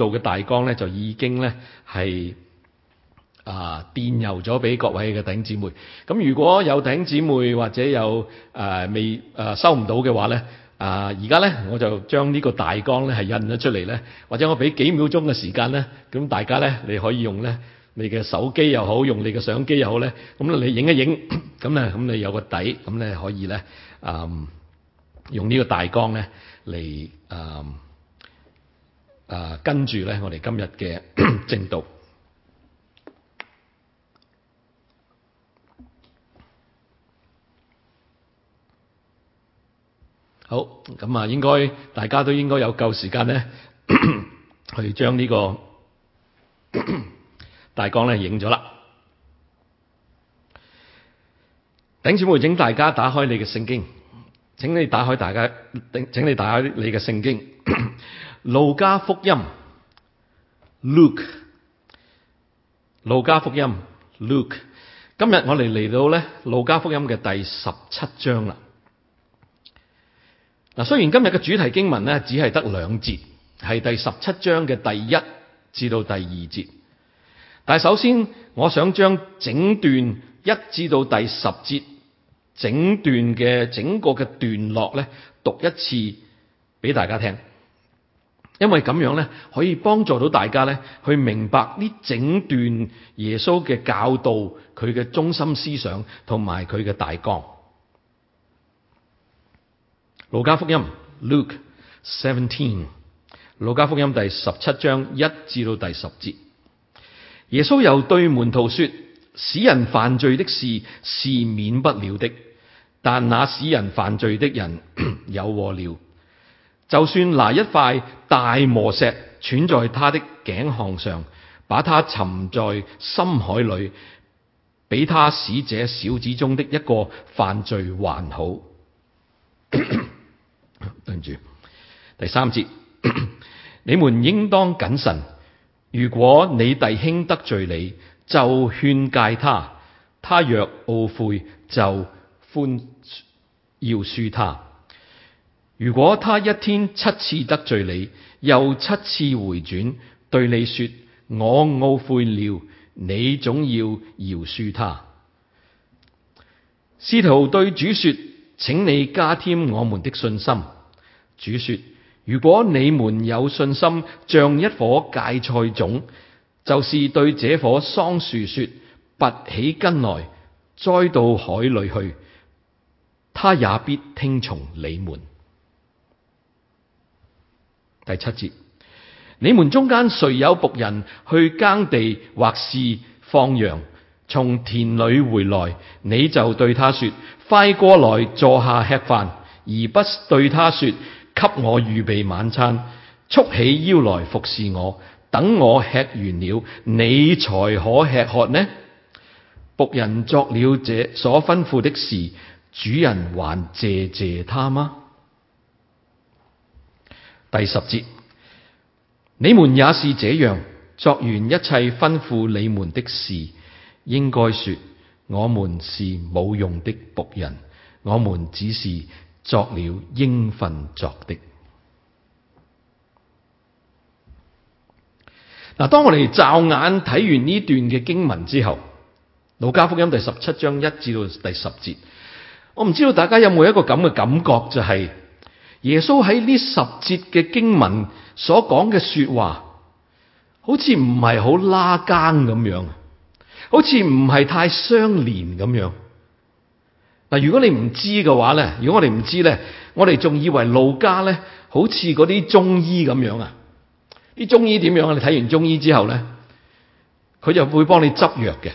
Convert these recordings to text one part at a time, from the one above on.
道嘅大綱咧，就已經咧係啊電郵咗俾各位嘅弟兄姊妹。咁如果有弟兄姊妹或者有誒、呃、未誒、呃、收唔到嘅話咧，啊而家咧我就將呢個大綱咧係印咗出嚟咧，或者我俾幾秒鐘嘅時間咧，咁大家咧你可以用咧，你嘅手機又好，用你嘅相機又好咧，咁你影一影，咁咧咁你有個底，咁咧可以咧，嗯，用呢個大綱咧嚟誒。啊，跟住咧，我哋今日嘅 正道好咁啊，應該大家都應該有夠時間咧， 去將、這個、 呢個大綱咧影咗啦。頂小妹，請大家打開你嘅聖經，請你打開大家，請請你打開你嘅聖經。 路加福音 Luke 路加福音 Luke 今日我哋嚟到咧路加福音嘅第十七章啦。嗱，雖然今日嘅主題經文咧只係得兩節，係第十七章嘅第一至到第二節，但係首先我想將整段一至到第十節整段嘅整個嘅段落咧讀一次俾大家聽。因為咁樣咧，可以幫助到大家咧，去明白呢整段耶穌嘅教導，佢嘅中心思想同埋佢嘅大綱。路加福音 Luke 17，路加福音第十七章一至到第十節，耶穌又對門徒說：使人犯罪的事是，是免不了的，但那使人犯罪的人 有禍了。就算拿一塊大磨石揣在他的頸項上，把他沉在深海裏，比他使者小子中的一個犯罪還好。跟住 第三節， 你們應當謹慎。如果你弟兄得罪你，就勸誡他；他若懊悔，就寬要恕他。如果他一天七次得罪你，又七次回轉對你說，我懊悔了，你總要饒恕他。使徒對主說，請你加添我們的信心。主說：如果你們有信心，像一顆芥菜種，就是對這棵桑樹說拔起根來栽到海裏去，他也必聽從你們。第七節，你們中間誰有僕人去耕地或是放羊，從田裏回來，你就對他說：快過來坐下吃飯，而不對他說：給我預備晚餐，束起腰來服侍我，等我吃完了，你才可吃喝呢？僕人作了這所吩咐的事，主人還謝謝他嗎？第十節，你們也是這樣作完一切吩咐你們的事。應該說，我們是冇用的僕人，我們只是作了應份作的。嗱，當我哋驟眼睇完呢段嘅經文之後，《路加福音》第十七章一至到第十節，我唔知道大家有冇一個咁嘅感覺，就係、是。耶穌喺呢十節嘅經文所講嘅說話，好似唔係好拉更咁樣，好似唔係太相連咁樣。嗱，如果你唔知嘅話咧，如果我哋唔知咧，我哋仲以為路加咧，好似嗰啲中醫咁樣啊？啲中醫點樣啊？你睇完中醫之後咧，佢就會幫你執藥嘅。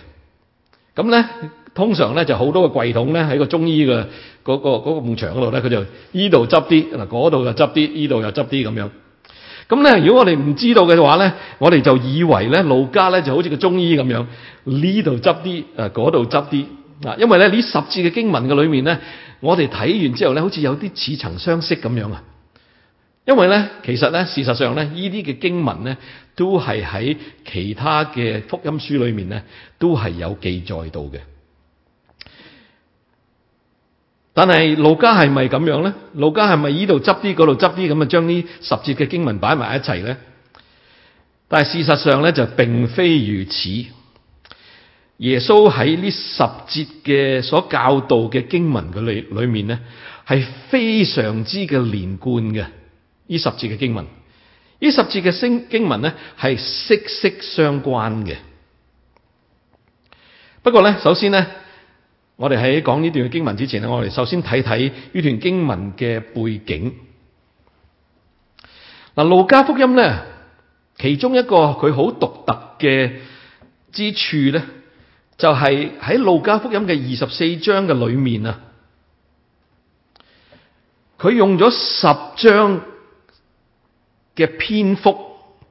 咁咧。通常咧就好多個櫃桶咧喺個中醫嘅嗰個嗰個牆度咧，佢就依度執啲嗱，嗰度又執啲，依度又執啲咁樣。咁咧，如果我哋唔知道嘅話咧，我哋就以為咧路加咧就好似個中醫咁樣呢度執啲啊，嗰度執啲啊，因為咧呢十字嘅經文嘅裏面咧，我哋睇完之後咧，好似有啲似曾相識咁樣啊。因為咧，其實咧事實上咧，依啲嘅經文咧都係喺其他嘅福音書裏面咧都係有記載到嘅。但係路加係咪咁樣咧？路加係咪呢度執啲，嗰度執啲，咁啊將呢十節嘅經文擺埋一齊咧？但係事實上咧，就並非如此。耶穌喺呢十節嘅所教導嘅經文嘅裏裏面咧，係非常之嘅連貫嘅。呢十節嘅經文，呢十節嘅經經文咧，係息息相關嘅。不過咧，首先咧。我哋喺講呢段經文之前咧，我哋首先睇睇呢段經文嘅背景。嗱，路加福音咧，其中一個佢好獨特嘅之處咧，就係喺路加福音嘅二十四章嘅裏面啊，佢用咗十章嘅篇幅，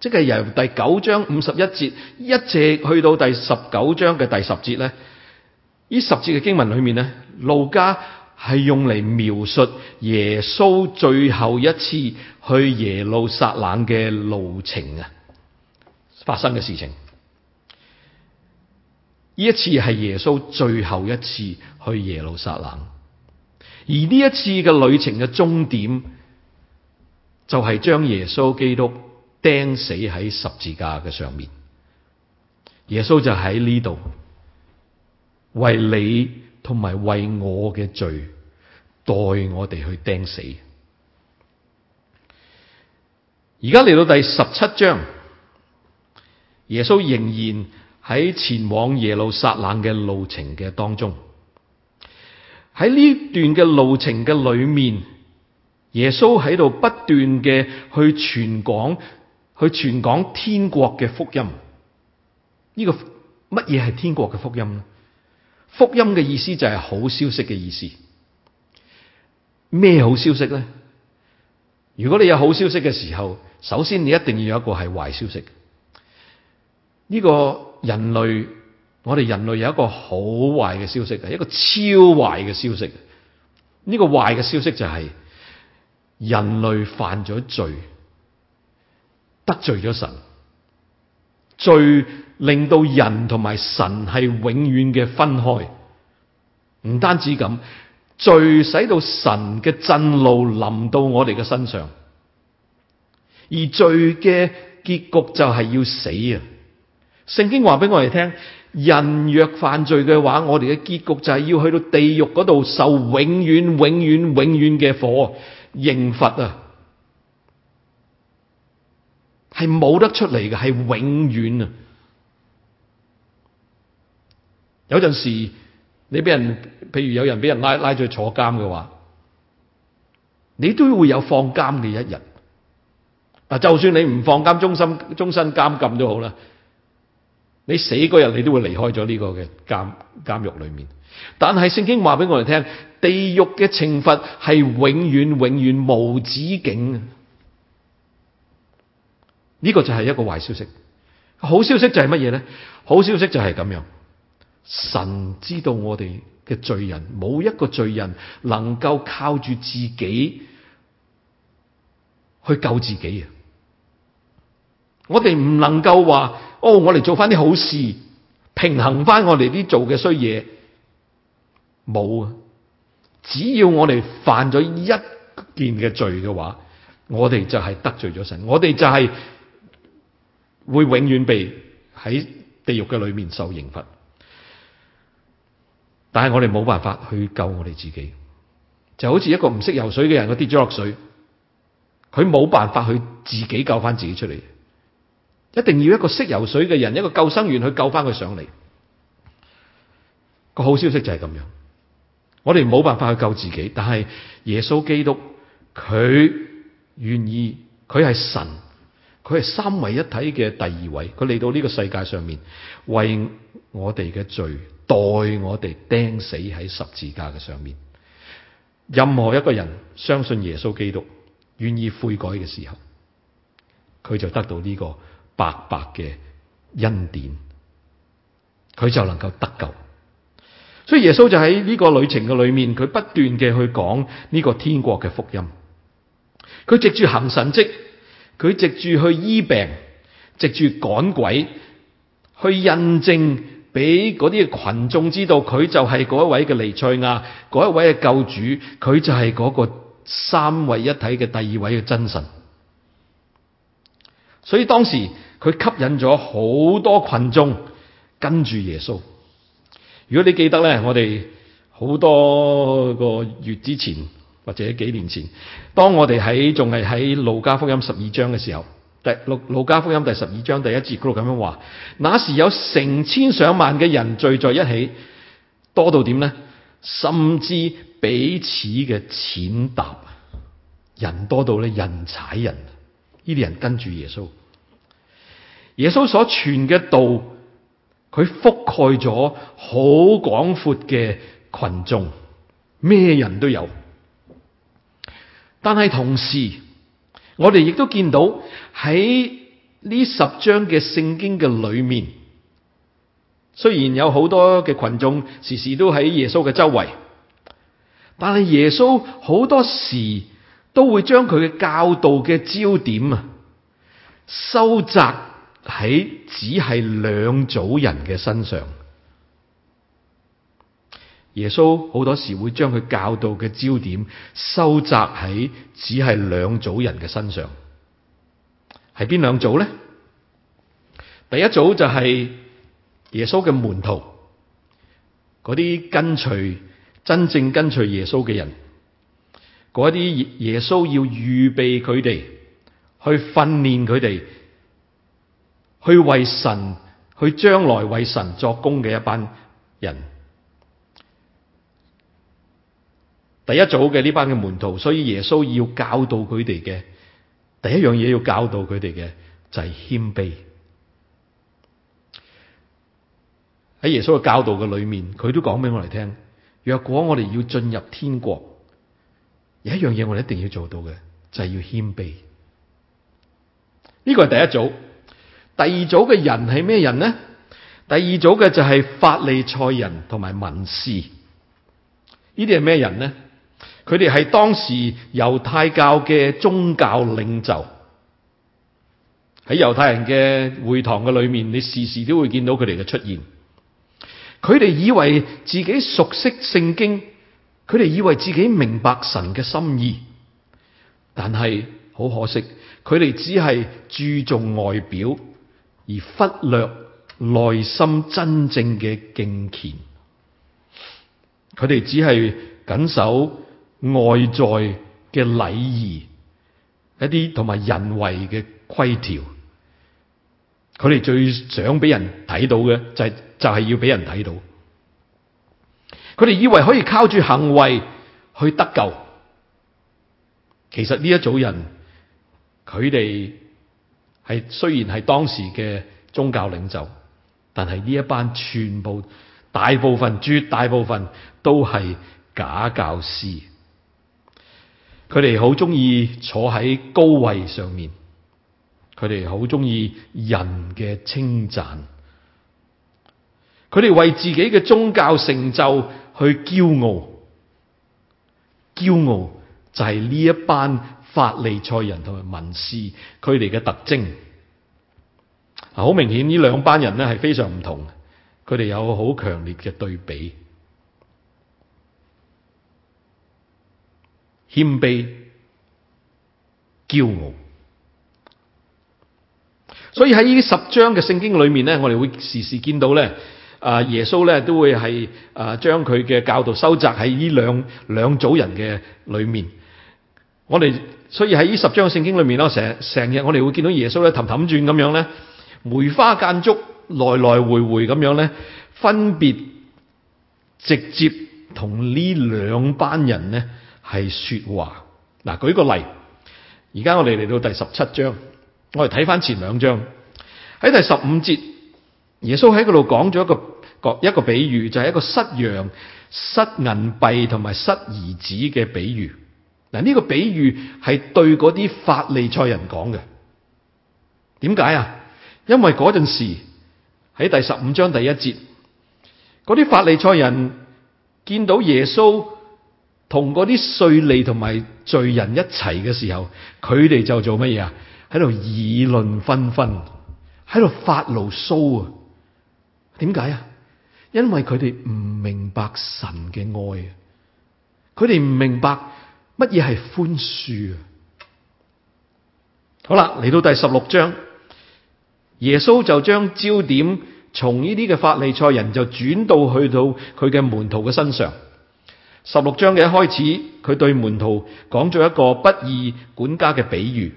即係由第九章五十一節一直去到第十九章嘅第十節咧。呢十節嘅經文裏面呢，路加係用嚟，描述耶穌最後一次去耶路撒冷嘅路程啊，發生嘅事情。呢一次係耶穌最後一次去耶路撒冷，而呢一次嘅旅程嘅終點，就係將耶穌基督釘死喺十字架嘅上面。耶穌就喺呢度。為你同埋為我嘅罪，代我哋去釘死。而家嚟到第十七章，耶穌仍然喺前往耶路撒冷嘅路程嘅當中。喺呢段嘅路程嘅裏面，耶穌喺度不斷嘅去傳講，去傳講天國嘅福音。呢、這個乜嘢係天國嘅福音咧？福音嘅意思就係好消息嘅意思。咩好消息咧？如果你有好消息嘅時候，首先你一定要有一個係壞消息。呢個人類，我哋人類有一個好壞嘅消息，係一個超壞嘅消息。呢個壞嘅消息就係人類犯咗罪，得罪咗神。罪令到人同埋神係永遠嘅分開，唔單止咁，罪使到神嘅震怒臨到我哋嘅身上，而罪嘅結局就係要死啊！聖經話俾我哋聽，人若犯罪嘅話，我哋嘅結局就係要去到地獄嗰度受永遠、永遠、永遠嘅火刑罰啊！係冇得出嚟嘅，係永遠啊！有陣時你俾人，譬如有人俾人拉拉去坐監嘅話，你都會有放監嘅一日。嗱，就算你唔放監，終身終身監禁都好啦，你死嗰日你都會離開咗呢個嘅監監獄裏面。但係聖經話俾我哋聽，地獄嘅懲罰係永遠永遠無止境啊！呢個就係一個壞消息，好消息就係乜嘢咧？好消息就係咁樣，神知道我哋嘅罪人，冇一個罪人能夠靠住自己去救自己啊！我哋唔能夠話，哦，我哋做翻啲好事，平衡翻我哋啲做嘅衰嘢，冇啊！只要我哋犯咗一件嘅罪嘅話，我哋就係得罪咗神，我哋就係、是。會永遠被喺地獄嘅裏面受刑罰，但係我哋冇辦法去救我哋自己，就好似一個唔識游水嘅人，佢跌咗落水，佢冇辦法去自己救翻自己出嚟，一定要一個識游水嘅人，一個救生員去救翻佢上嚟。個好消息就係咁樣，我哋冇辦法去救自己，但係耶穌基督佢願意，佢係神。佢係三位一體嘅第二位，佢嚟到呢個世界上面，為我哋嘅罪代我哋釘死喺十字架嘅上面。任何一個人相信耶穌基督，願意悔改嘅時候，佢就得到呢個白白嘅恩典，佢就能夠得救。所以耶穌就喺呢個旅程嘅裏面，佢不斷嘅去講呢個天國嘅福音，佢藉住行神蹟。佢藉住去醫病，藉住趕鬼，去印證俾嗰啲群眾知道，佢就係嗰一位嘅彌賽亞，嗰一位嘅救主，佢就係嗰個三位一體嘅第二位嘅真神。所以當時佢吸引咗好多群眾跟住耶穌。如果你記得咧，我哋好多個月之前，或者幾年前，當我哋喺仲係喺路加福音十二章嘅時候，第六路加福音第十二章第一節嗰度咁樣話：那時有成千上萬嘅人聚在一起，多到點咧？甚至彼此嘅踐踏，人多到咧，人踩人。呢啲人跟住耶穌，耶穌所傳嘅道，佢覆蓋咗好廣闊嘅群眾，咩人都有。但係同時，我哋亦都見到喺呢十章嘅聖經嘅裏面，雖然有好多嘅群眾時時都喺耶穌嘅周圍，但係耶穌好多時都會將佢嘅教導嘅焦點啊，收窄喺只係兩組人嘅身上。耶穌好多時會將佢教導嘅焦點收窄喺只係兩組人嘅身上，係邊兩組呢？第一組就係耶穌嘅門徒，嗰啲跟隨、真正跟隨耶穌嘅人，嗰啲耶穌要預備佢哋去訓練佢哋，去為神去將來為神作工嘅一班人。第一組嘅呢班嘅門徒，所以耶穌要教導佢哋嘅第一樣嘢，要教導佢哋嘅就係、是、謙卑。喺耶穌嘅教導嘅裏面，佢都講俾我哋聽。若果我哋要進入天國，有一樣嘢，我哋一定要做到嘅，就係、是、要謙卑。呢個係第一組。第二組嘅人係咩人呢？第二組嘅就係法利賽人同埋文士。呢啲係咩人呢？佢哋係當時猶太教嘅宗教領袖，喺猶太人嘅會堂嘅裏面，你時時都會見到佢哋嘅出現。佢哋以為自己熟悉聖經，佢哋以為自己明白神嘅心意，但係好可惜，佢哋只係注重外表，而忽略內心真正嘅敬虔。佢哋只係緊守。外在嘅禮儀，一啲同埋人為嘅規條，佢哋最想俾人睇到嘅就係就係要俾人睇到。佢哋以為可以靠住行為去得救，其實呢一組人，佢哋係雖然係當時嘅宗教領袖，但係呢一班全部大部分絕大部分都係假教師。佢哋好中意坐喺高位上面，佢哋好中意人嘅稱讚，佢哋為自己嘅宗教成就去驕傲，驕傲就係呢一班法利賽人同埋文士佢哋嘅特徵。好明顯呢兩班人咧係非常唔同，佢哋有好強烈嘅對比。謙卑、驕傲，所以喺呢十章嘅聖經裏面咧，我哋會時時見到咧啊，耶穌咧都會係啊，將佢嘅教導收集喺呢兩兩組人嘅裏面。我哋所以喺呢十章嘅聖經裏面咯，成成日我哋會見到耶穌咧，氹氹轉咁樣咧，梅花間竹來來回回咁樣咧，分別直接同呢兩班人咧。係說話嗱，舉個例，而家我哋嚟到第十七章，我哋睇翻前兩章喺第十五節，耶穌喺嗰度講咗一個個一個比喻，就係、是、一個失羊、失銀幣同埋失兒子嘅比喻。嗱、這、呢個比喻係對嗰啲法利賽人講嘅，點解啊？因為嗰陣時喺第十五章第一節，嗰啲法利賽人見到耶穌。同嗰啲稅吏同埋罪人一齊嘅時候，佢哋就做乜嘢啊？喺度議論紛紛，喺度發牢騷啊？點解啊？因為佢哋唔明白神嘅愛啊！佢哋唔明白乜嘢係寬恕啊！好啦，嚟到第十六章，耶穌就將焦點從呢啲嘅法利賽人就轉到去到佢嘅門徒嘅身上。十六章嘅一開始，佢對門徒講咗一個不義管家嘅比喻，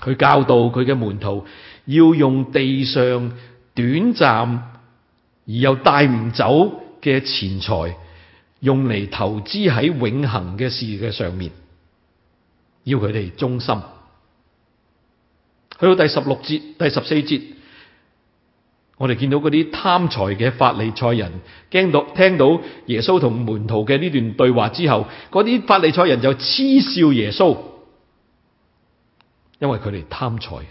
佢教導佢嘅門徒要用地上短暫而又帶唔走嘅錢財，用嚟投資喺永恆嘅事嘅上面，要佢哋忠心。去到第十六節、第十四節。我哋見到嗰啲貪財嘅法利賽人，驚到聽到耶穌同門徒嘅呢段對話之後，嗰啲法利賽人就嗤笑耶穌，因為佢哋貪財。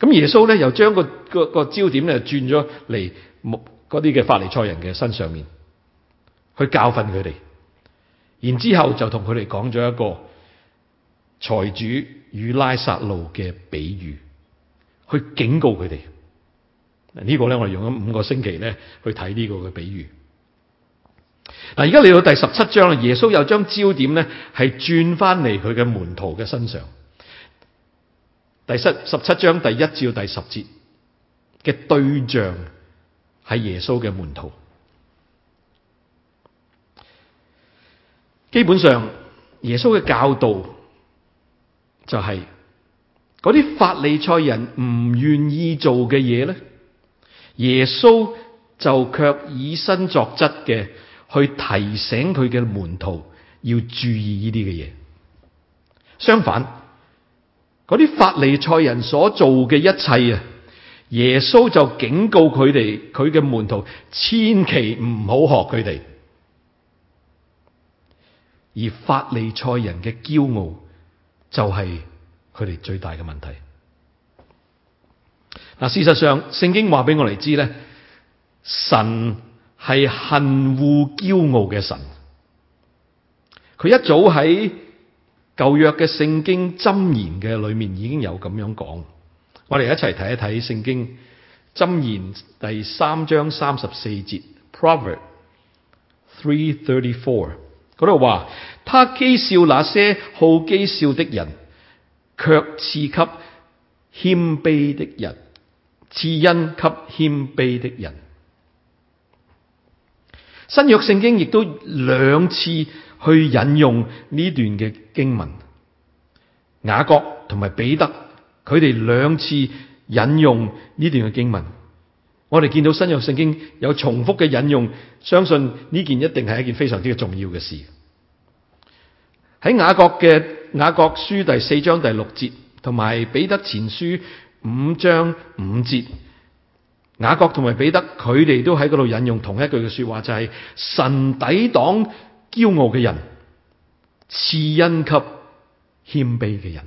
咁耶穌咧又將個個個焦點咧轉咗嚟，目嗰啲嘅法利賽人嘅身上面，去教訓佢哋。然之後就同佢哋講咗一個財主與拉撒路嘅比喻，去警告佢哋。呢個咧，我哋用咗五個星期咧去睇呢個嘅比喻。嗱，而家嚟到第十七章啦，耶穌又將焦點咧係轉翻嚟佢嘅門徒嘅身上。第十七章第一至到第十節嘅對象係耶穌嘅門徒。基本上，耶穌嘅教導就係啲法利賽人唔願意做嘅嘢咧。耶穌就卻以身作則嘅去提醒佢嘅門徒要注意呢啲嘅嘢。相反，啲法利賽人所做嘅一切啊，耶穌就警告佢哋，佢嘅門徒千祈唔好學佢哋。而法利賽人嘅驕傲就係佢哋最大嘅問題。嗱，事實上聖經話俾我哋知咧，神係恨惡驕傲嘅神。佢一早喺舊約嘅聖經箴言嘅裏面已經有咁樣講。我哋一齊睇一睇聖經箴言第三章三十四節 （Proverb three thirty four）。嗰度話：他譏笑那些好譏笑的人，卻賜給謙卑的人。賜恩給謙卑的人。新約聖經亦都兩次去引用呢段嘅經文，雅各同埋彼得佢哋兩次引用呢段嘅經文。我哋見到新約聖經有重複嘅引用，相信呢件一定係一件非常之重要嘅事。喺雅各嘅雅各書第四章第六節，同埋彼得前書。五章五節，雅各同埋彼得佢哋都喺嗰度引用同一句嘅說話，就係、是、神抵擋驕傲嘅人，賜恩給謙卑嘅人。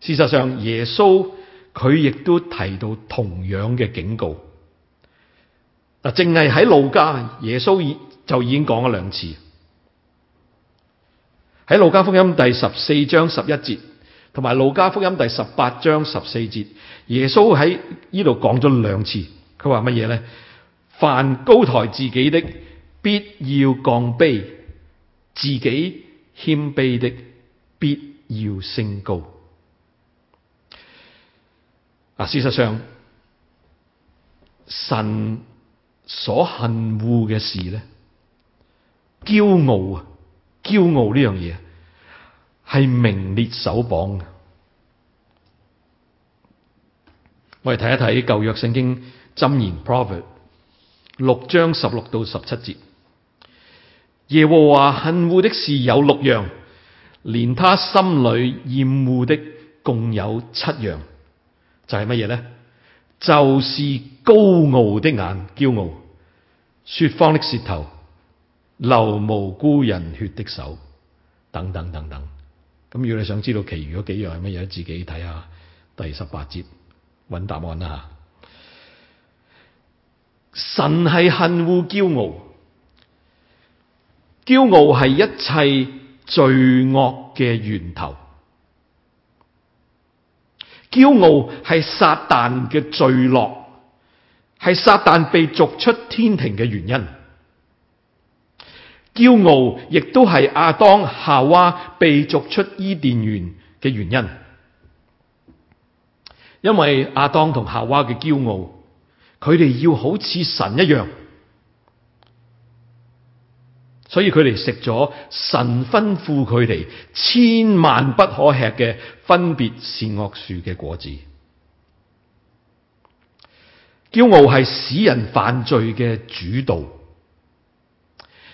事實上，耶穌佢亦都提到同樣嘅警告。嗱，淨係喺路加，耶穌就已經講咗兩次。喺《路加福音》第十四章十一節。同埋《路加福音》第十八章十四節，耶穌喺呢度講咗兩次，佢話乜嘢咧？凡高抬自己的，必要降卑；自己謙卑的，必要升高。啊，事實上，神所恨惡嘅事咧，驕傲啊，驕傲呢樣嘢。係名列首榜。我哋睇一睇舊約聖經箴言 Proverbs 六章十六到十七節。耶和華恨惡的事有六樣，連他心裏厭惡的共有七樣，就係乜嘢呢？就是高傲的眼、驕傲、說謊的舌頭、流無辜人血的手，等等等等。咁如果你想知道其餘嗰幾樣係乜嘢，自己睇下第十八節搵答案啦。神係恨惡驕傲，驕傲係一切罪惡嘅源頭，驕傲係撒旦嘅墜落，係撒旦被逐出天庭嘅原因。驕傲亦都係阿當夏娃被逐出伊甸園嘅原因，因為阿當同夏娃嘅驕傲，佢哋要好似神一樣，所以佢哋食咗神吩咐佢哋千萬不可吃嘅分別善惡樹嘅果子。驕傲係使人犯罪嘅主導。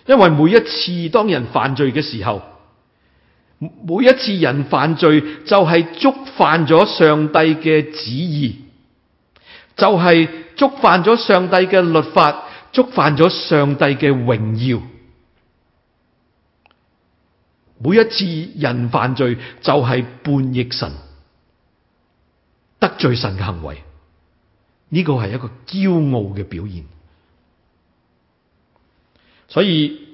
因為每一次當人犯罪嘅時候，每一次人犯罪就係觸犯咗上帝嘅旨意，就係觸犯咗上帝嘅律法，觸犯咗上帝嘅榮耀。每一次人犯罪就係叛逆神，得罪神嘅行為，呢個係一個驕傲嘅表現。所以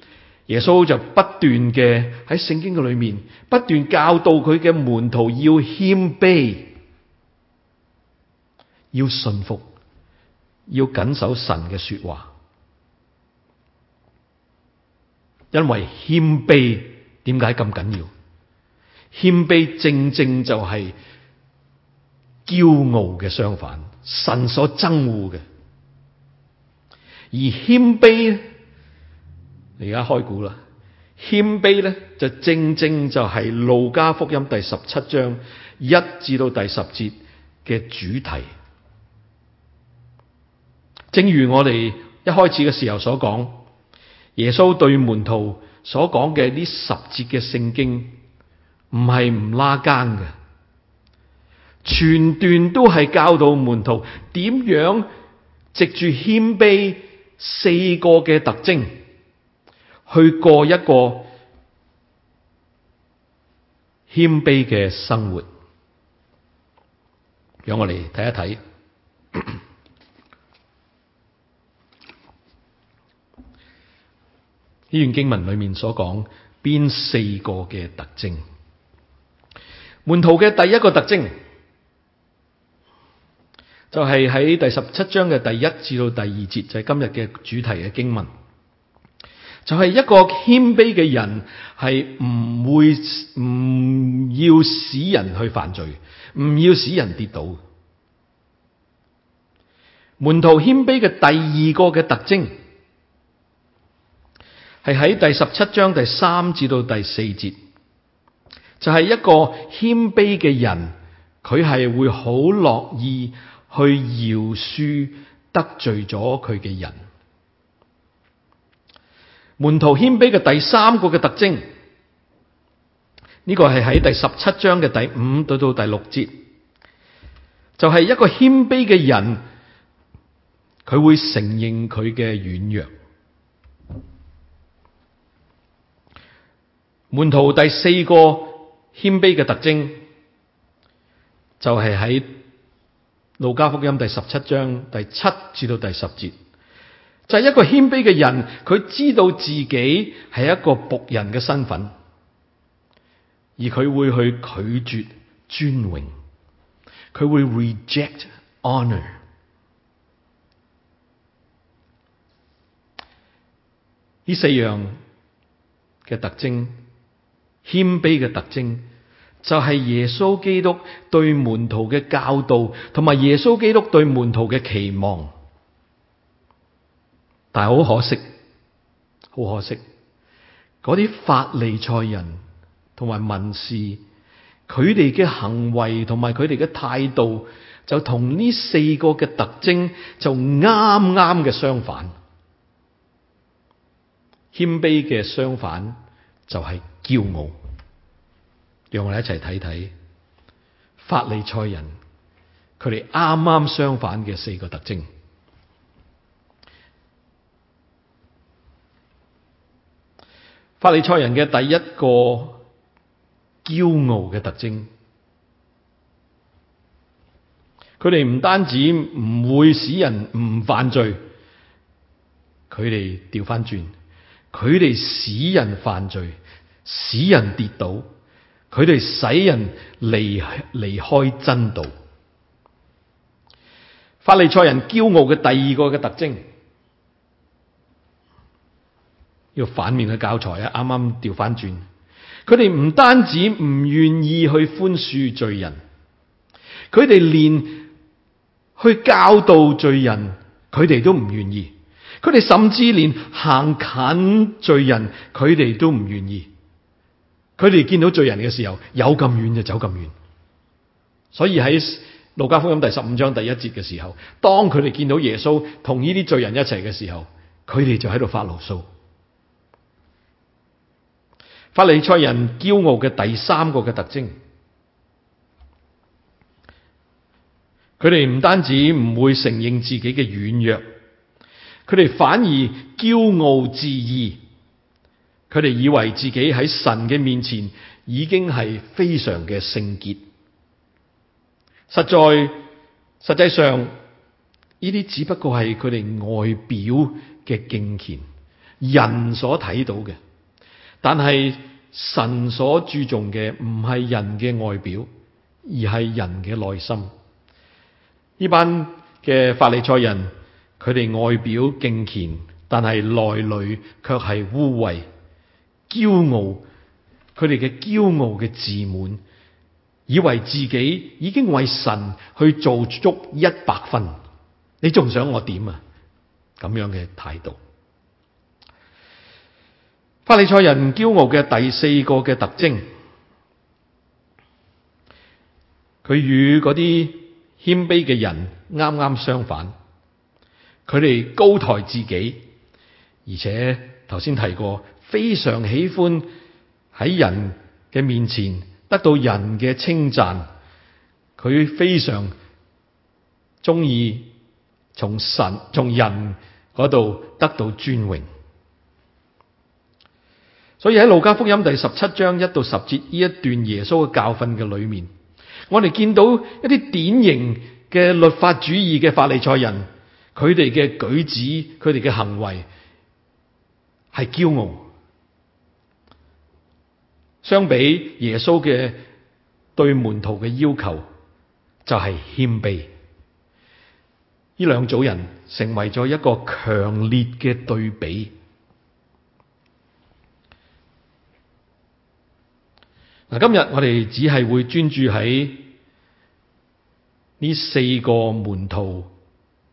耶穌就不斷嘅喺聖經嘅裏面，不斷教導佢嘅門徒要謙卑，要信服，要謹守神嘅說話。因為謙卑點解咁緊要？謙卑正正就係驕傲嘅相反，神所憎惡嘅，而謙卑。而家開估啦，謙卑咧就正正就係路加福音第十七章一至到第十節嘅主題。正如我哋一開始嘅時候所講，耶穌對門徒所講嘅呢十節嘅聖經，唔係唔拉更嘅，全段都係教導門徒點樣藉住謙卑四個嘅特徵。去過一個謙卑嘅生活。讓我哋睇一睇呢 段經文裏面所講邊四個嘅特徵。門徒嘅第一個特徵就係、是、喺第十七章嘅第一至到第二節，就係、是、今日嘅主題嘅經文。就係一個謙卑嘅人，係唔會唔要使人去犯罪，唔要使人跌倒。門徒謙卑嘅第二個嘅特徵，係喺第十七章第三至到第四節，就係、是、一個謙卑嘅人，佢係會好樂意去饒恕得罪咗佢嘅人。門徒謙卑嘅第三個嘅特徵，呢個係喺第十七章嘅第五到到第六節，就係一個謙卑嘅人，佢會承認佢嘅軟弱。門徒第四個謙卑嘅特徵，就係喺路加福音第十七章第七至到第十節。就係一個謙卑嘅人，佢知道自己係一個僕人嘅身份，而佢會去拒絕尊榮，佢會 reject honor。呢四樣嘅特徵，謙卑嘅特徵，就係、是、耶穌基督對門徒嘅教導，同埋耶穌基督對門徒嘅期望。但係好可惜，好可惜，嗰啲法利賽人同埋文士，佢哋嘅行為同埋佢哋嘅態度，就同呢四個嘅特徵就啱啱嘅相反。謙卑嘅相反就係驕傲，讓我哋一齊睇睇法利賽人佢哋啱啱相反嘅四個特徵。法利賽人嘅第一個驕傲嘅特徵，佢哋唔單止唔會使人唔犯罪，佢哋調翻轉，佢哋使人犯罪，使人跌倒，佢哋使人離離開真道。法利賽人驕傲嘅第二個嘅特徵。呢個反面嘅教材啊，啱啱調翻轉，佢哋唔單止唔願意去寬恕罪人，佢哋連去教導罪人，佢哋都唔願意；佢哋甚至連行近罪人，佢哋都唔願意。佢哋見到罪人嘅時候，有咁遠就走咁遠。所以喺路加福音第十五章第一節嘅時候，當佢哋見到耶穌同呢啲罪人一齊嘅時候，佢哋就喺度發牢騷。法利賽人驕傲嘅第三個嘅特徵，佢哋唔單止唔會承認自己嘅軟弱，佢哋反而驕傲自義，佢哋以為自己喺神嘅面前已經係非常嘅聖潔。實在實際上，呢啲只不過係佢哋外表嘅敬虔，人所睇到嘅。但係神所注重嘅唔係人嘅外表，而係人嘅內心。呢班嘅法利賽人，佢哋外表敬虔，但係內裏卻係污穢、驕傲。佢哋嘅驕傲嘅自滿，以為自己已經為神去做足一百分，你仲想我點啊？咁樣嘅態度。法利賽人驕傲嘅第四個嘅特徵，佢與嗰啲謙卑嘅人啱啱相反，佢哋高抬自己，而且頭先提過，非常喜歡喺人嘅面前得到人嘅稱讚，佢非常鍾意從神從人嗰度得到尊榮。所以喺路加福音第十七章一到十節呢一段耶穌嘅教訓嘅裏面，我哋見到一啲典型嘅律法主義嘅法利賽人，佢哋嘅舉止、佢哋嘅行為係驕傲。相比耶穌嘅對門徒嘅要求，就係謙卑。呢兩組人成為咗一個強烈嘅對比。嗱，今日我哋只係會專注喺呢四個門徒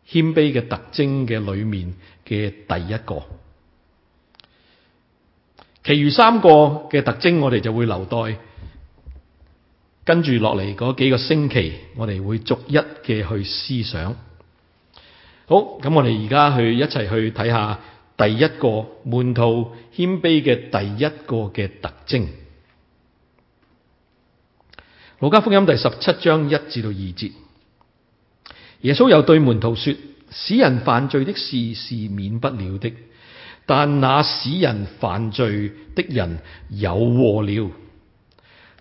謙卑嘅特徵嘅裏面嘅第一個，其餘三個嘅特徵我哋就會留待跟住落嚟嗰幾個星期，我哋會逐一嘅去思想。好，咁我哋而家去一齊去睇下第一個門徒謙卑嘅第一個嘅特徵。《路加福音》第十七章一至到二節，耶穌又對門徒說：使人犯罪的事是，是免不了的，但那使人犯罪的人有禍了。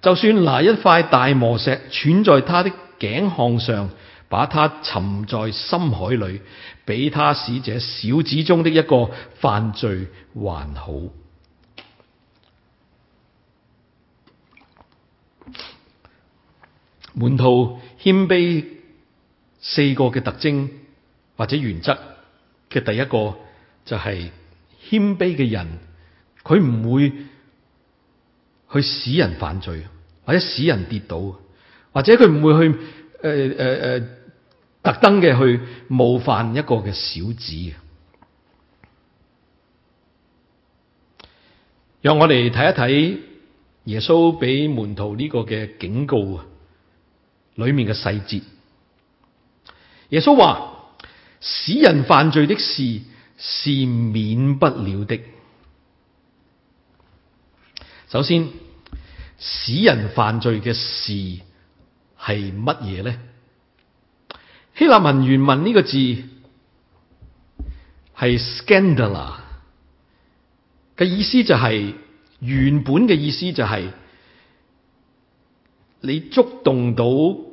就算拿一塊大磨石穿在他的頸項上，把他沉在深海裏，比他使這小子中的一個犯罪還好。門徒謙卑四個嘅特徵或者原則嘅第一個就係謙卑嘅人，佢唔會去使人犯罪，或者使人跌倒，或者佢唔會去誒誒誒特登嘅去冒犯一個嘅小子。讓我嚟睇一睇耶穌俾門徒呢個嘅警告啊！裏面嘅細節，耶穌話：使人犯罪的事是免不了的。首先，使人犯罪嘅事係乜嘢咧？希臘文原文呢個字係 scandala 嘅意思就係、是、原本嘅意思就係、是、你觸動到。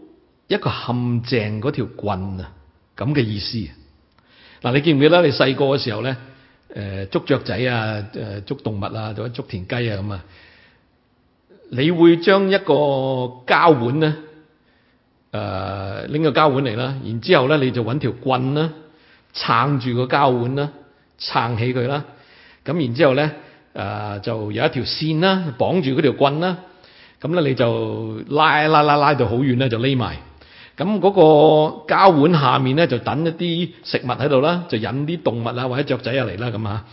一個冚正嗰條棍啊，咁嘅意思。嗱、啊，你記唔記得你細個嘅時候咧？誒、呃，捉雀仔啊，誒，捉動物啊，或者捉田雞啊咁啊，你會將一個膠碗咧，誒、呃，拎個膠碗嚟啦，然之後咧，你就搵條棍啦，撐住個膠碗啦，撐起佢啦。咁然之後咧，誒、呃，就有一條線啦，綁住嗰條棍啦。咁咧，你就拉拉拉拉，拉，拉到好遠咧，就匿埋。咁嗰個膠碗下面咧，就等一啲食物喺度啦，就引啲動，動物啊或者雀仔入嚟啦咁啊。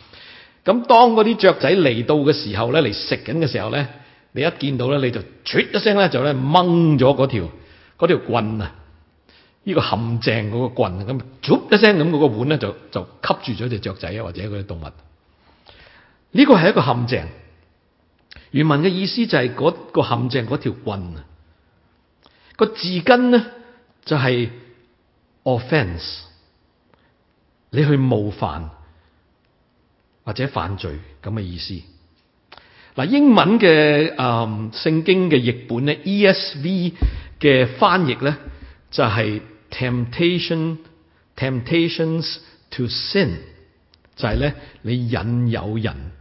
咁當嗰啲雀仔嚟到嘅時候咧，嚟食緊嘅時候咧，你一見到咧，你就唰一聲咧就咧掹咗嗰條棍啊！呢個陷阱嗰個棍啊，咁唰一聲咁，嗰個碗咧就就吸住咗隻雀仔啊或者嗰啲動物。呢個係一個陷阱。原文嘅意思就係嗰個陷阱嗰條棍啊，嗰個字根咧。就係 offense 你去冒犯或者犯罪咁嘅意思。嗱，英文嘅誒聖經嘅譯本咧，ESV 嘅翻譯咧就係 temptation，temptations to sin，就係咧你引誘人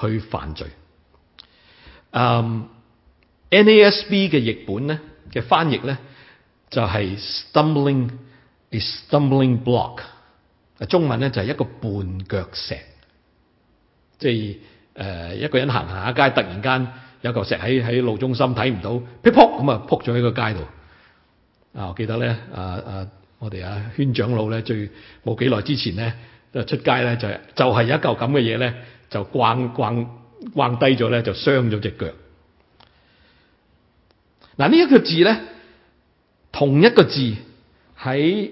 去犯罪。誒、um, NASB 嘅譯本咧嘅翻譯咧。就係 stumbling，係 stumbling block，中文咧就係一個絆腳石，即係誒一個人行行下街，突然間有嚿石喺喺路中心睇唔到，劈噗咁啊，仆咗喺個街度。啊，我記得咧，啊啊，我哋阿圈長老咧，最冇幾耐之前咧，出街咧就就係有一嚿咁嘅嘢咧，就逛逛逛低咗咧，就傷咗隻腳。嗱，呢一個字咧。同一個字喺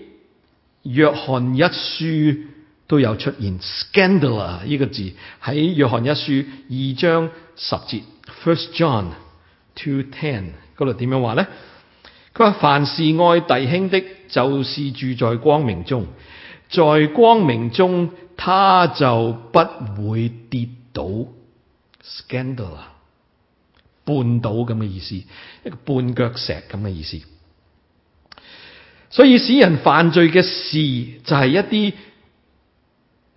約翰一書都有出現。scandal 啊。呢個字喺約翰一書二章十節。First John two ten 度點樣話咧？佢話：凡是愛弟兄的，就是住在光明中，在光明中他就不會跌倒。scandal 啊。絆倒咁嘅意思，一個絆腳石咁嘅意思。所以使人犯罪嘅事就係一啲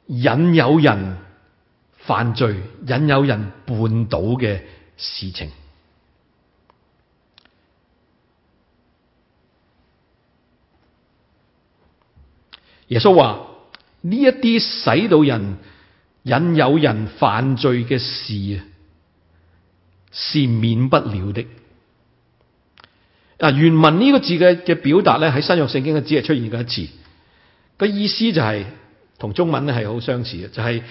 引誘人犯罪、引誘人絆倒嘅事情。耶穌話，呢一啲使到人引誘人犯罪嘅事啊，是免不了的。嗱，原文呢個字嘅嘅表達咧，喺新約聖經嘅，只係出現過一次。個意思就係、是、同中文咧係好相似嘅，就係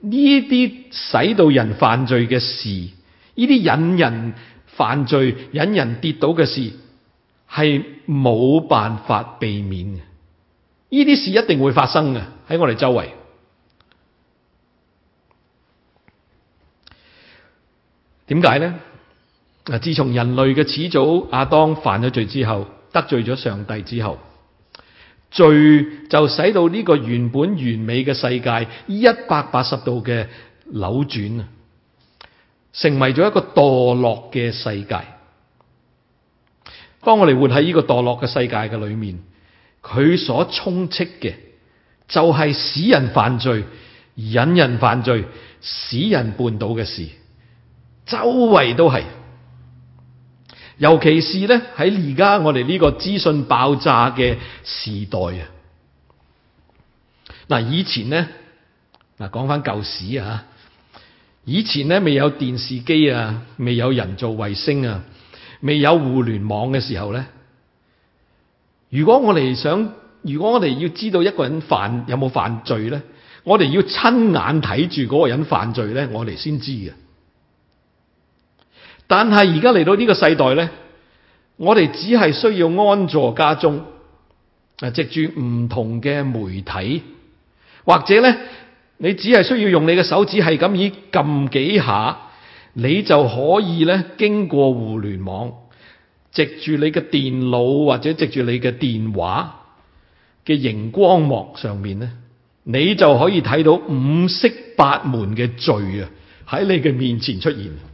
呢啲使到人犯罪嘅事，呢啲引人犯罪、引人跌倒嘅事，係冇辦法避免嘅。呢啲事一定會發生嘅喺我哋周圍。點解咧？嗱，自從人類嘅始祖亞當犯咗罪之後，得罪咗上帝之後，罪就使到呢個原本完美嘅世界一百八十度嘅扭轉，成為咗一個墮落嘅世界。當我哋活喺呢個墮落嘅世界嘅裏面，佢所充斥嘅就係使人犯罪、引人犯罪、使人絆倒嘅事，周圍都係。尤其是咧喺而家我哋呢個資訊爆炸嘅時代啊，嗱以前呢，嗱講翻舊時啊，以前呢，未有電視機啊，未有人造衛星啊，未有互聯網嘅時候呢。如果我哋想，如果我哋要知道一個人犯有冇犯罪呢，我哋要親眼睇住嗰個人犯罪呢，我哋先知嘅。但係而家嚟到呢個世代呢，我哋只係需要安坐家中，啊，藉住唔同嘅媒體，或者呢，你只係需要用你嘅手指係咁以撳幾下，你就可以呢經過互聯網，藉住你嘅電腦或者藉住你嘅電話嘅熒光幕上面呢，你就可以睇到五色八門嘅罪啊喺你嘅面前出現。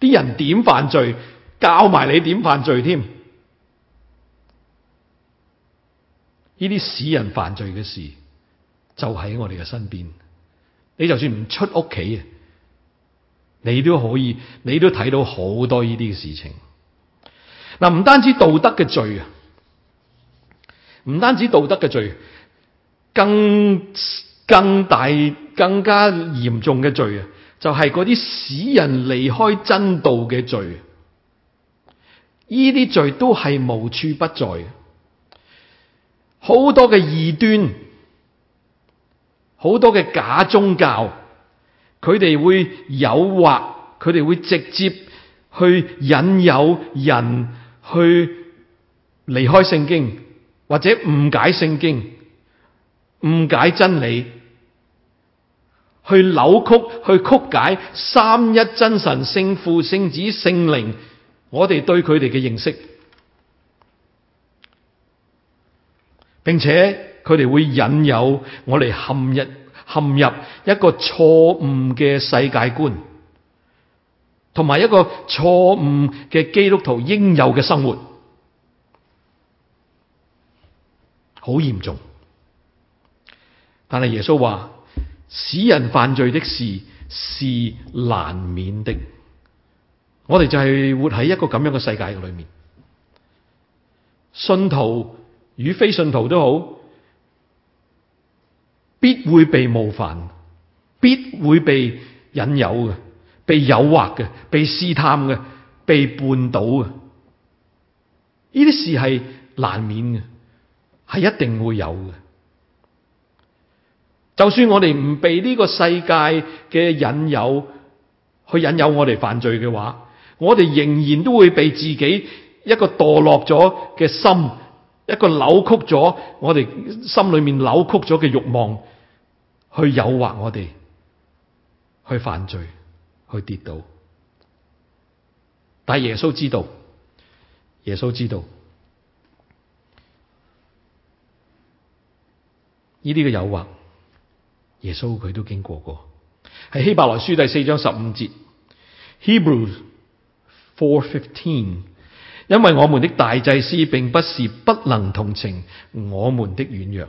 啲人點犯罪，教埋你點犯罪添？呢啲使人犯罪嘅事，就喺我哋嘅身邊。你就算唔出屋企，你都可以，你都睇到好多呢啲嘅事情。嗱，唔單止道德嘅罪啊，唔單止道德嘅罪，更更大、更加嚴重嘅罪啊！就係嗰啲使人離開真道嘅罪，呢啲罪都係無處不在，好多嘅異端，好多嘅假宗教，佢哋會誘惑，佢哋會直接去引誘人去離開聖經，或者誤解聖經，誤解真理。去扭曲、去曲解三一真神、聖父、聖子、聖靈，我哋對佢哋嘅認識，並且佢哋會引誘我哋陷入陷入一個錯誤嘅世界觀，同埋一個錯誤嘅基督徒應有嘅生活，好嚴重。但係耶穌話。使人犯罪的事是難免的，我哋就係活喺一個咁樣嘅世界裏面，信徒與非信徒都好，必會被冒犯，必會被引誘嘅，被誘惑嘅，被試探嘅，被絆倒嘅，呢啲事係難免嘅，係一定會有嘅。就算我哋唔被呢個世界嘅引誘去引誘我哋犯罪嘅話，我哋仍然都會被自己一個墮落咗嘅心，一個扭曲咗我哋心裏面扭曲咗嘅慾望去誘惑我哋去犯罪，去跌倒。但耶穌知道，耶穌知道呢啲嘅誘惑。耶穌佢都經過過，係希伯來書第四章十五節。Hebrews four fifteen，因為我們的大祭司並不是不能同情我們的軟弱，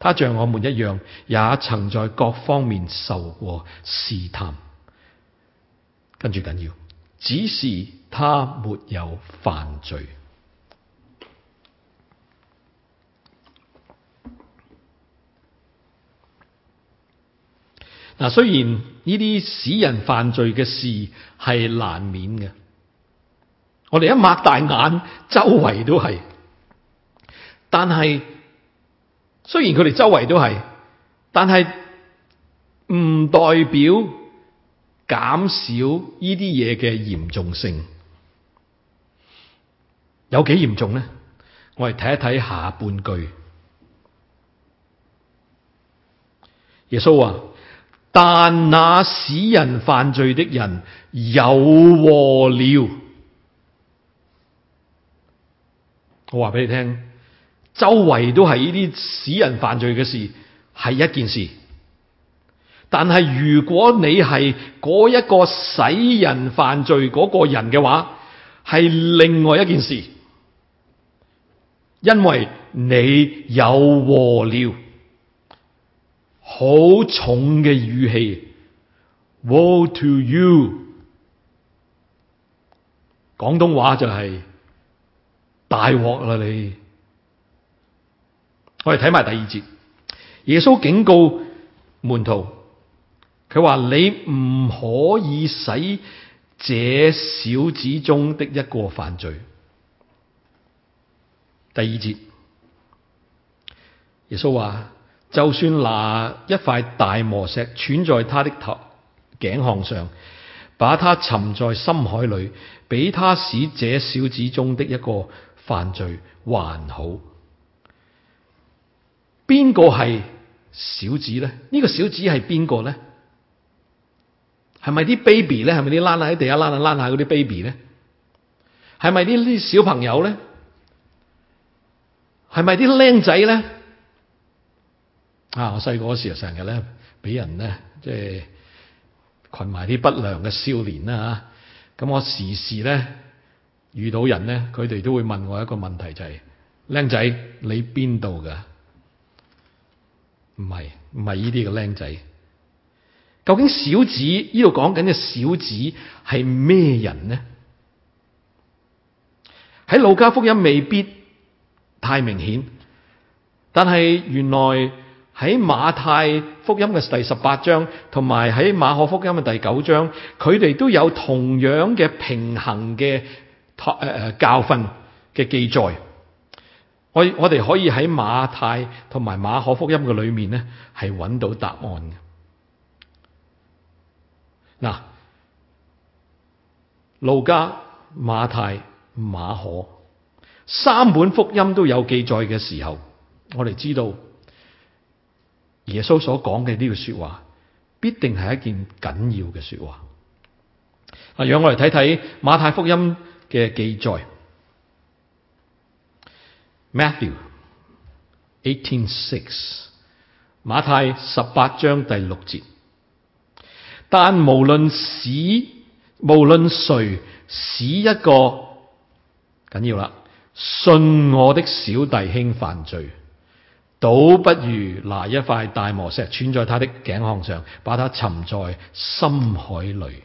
他像我們一樣也曾在各方面受過試探。跟住緊要，只是他沒有犯罪。嗱，雖然呢啲使人犯罪嘅事係難免嘅，我哋一擘大眼，周圍都係。但係雖然佢哋周圍都係，但係唔代表減少呢啲嘢嘅嚴重性。有幾嚴重咧？我哋睇一睇下半句。耶穌話啊。但那使人犯罪的人有禍了。我話俾你聽，周圍都係呢啲使人犯罪嘅事，係一件事。但係如果你係嗰一個使人犯罪嗰個人嘅話，係另外一件事，因為你有禍了。好重嘅語氣，Woe to you，廣東話就係大鑊啦！你我哋睇埋第二節，耶穌警告門徒，佢話你唔可以使這小子中的一個犯罪。第二節，耶穌話。就算拿一塊大磨石串在他的頭頸項上，把他沉在深海裏，比他使這小子中的一個犯罪還好。邊個係小子咧？呢、呢個小子係邊個咧？係咪啲 baby 咧？係咪啲躝下喺地下躝下躝下嗰啲 baby 咧？係咪啲啲小朋友咧？係咪啲僆仔咧？啊！我細個嗰時候，成日咧俾人咧，即係群埋啲不良嘅少年啦，吓、啊、咁我時時咧遇到人咧，佢哋都會問我一個問題，就係、是：，靚仔你邊度噶？唔係唔係呢啲嘅靚仔？究竟小子呢度講緊嘅小子係咩人呢？喺路加福音未必太明顯，但係原來。喺馬太福音嘅第十八章，章同埋喺、呃、馬，馬可福音嘅第九章，佢哋都有同樣嘅平衡嘅誒誒教訓嘅記載。我我哋可以喺馬太同埋馬可福音嘅裏面呢，係揾到答案嘅。嗱、呃，路加、馬太、馬可三本福音都有記載嘅時候，我哋知道。耶穌所講嘅呢句說話，必定係一件緊要嘅說話。啊，讓我嚟睇睇馬太福音嘅記載。Matthew eighteen six，馬太十八章第六節。但無論使無論誰使一個緊要啦，信我的小弟兄犯罪。倒不如拿一塊大磨石穿在他的頸項上，把他沉在深海裏。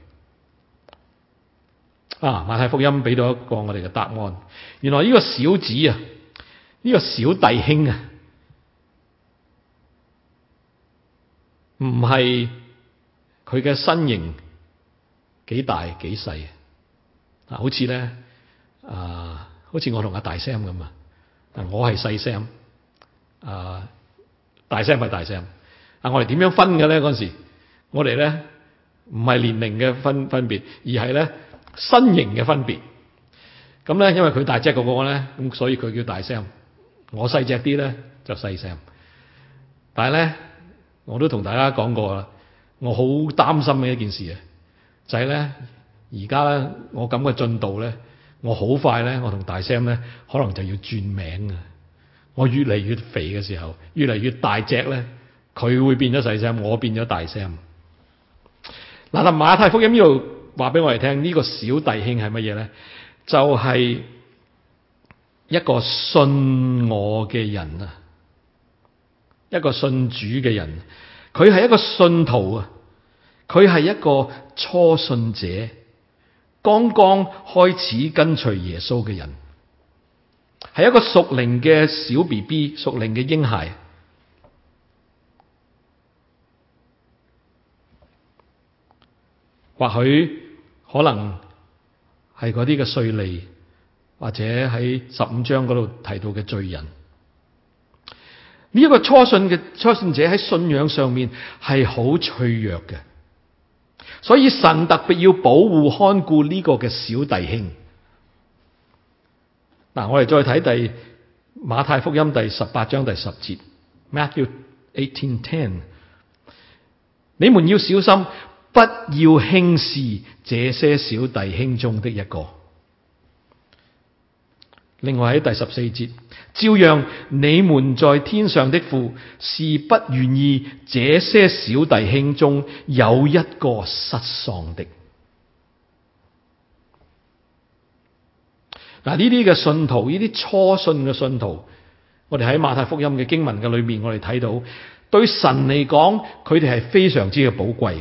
啊，馬太福音俾到一個我哋嘅答案。原來呢個小子啊，呢個小弟兄啊，唔係佢嘅身形幾大幾細啊，好似咧啊，好似我同阿大 Sam 咁啊，但我係細 Sam。啊！Uh, 大聲咪大聲，啊！我哋點樣分嘅咧？嗰陣時，我哋咧唔係年齡嘅分分別，而係咧身形嘅分別。咁、嗯、咧，因為佢大隻過我咧，咁所以佢叫大聲，我細隻啲咧就細聲。但係咧，我都同大家講過啦，我好擔心嘅一件事啊，就係咧而家咧我咁嘅進度咧，我好快咧，我同大聲咧可能就要轉名啊！我越嚟越肥嘅時候，越嚟越大隻咧，佢會變咗細聲，我變咗大聲。嗱，嗱馬太福音呢度話俾我哋聽，呢個小弟兄係乜嘢咧？就係、是、一個信我嘅人啊，一個信主嘅人，佢係一個信徒啊，佢係一個初信者，剛剛開始跟隨耶穌嘅人。係一個屬靈嘅小 BB，屬靈嘅嬰孩，或許可能係啲嘅稅吏，或者喺十五章度提到嘅罪人。呢、這、一個初信嘅初信者喺信仰上面係好脆弱嘅，所以神特別要保護看顧呢個嘅小弟兄。嗱，我哋再睇第馬太福音第十八章第十節。Matthew eighteen ten，你們要小心，不要輕視這些小弟兄中的一個。另外喺第十四節，照樣你們在天上的父是不願意這些小弟兄中有一個失喪的。嗱，呢啲嘅信徒，呢啲初信嘅信徒，我哋喺馬太福音嘅經文嘅裏面我，我哋睇到對神嚟講，佢哋係非常之嘅寶貴。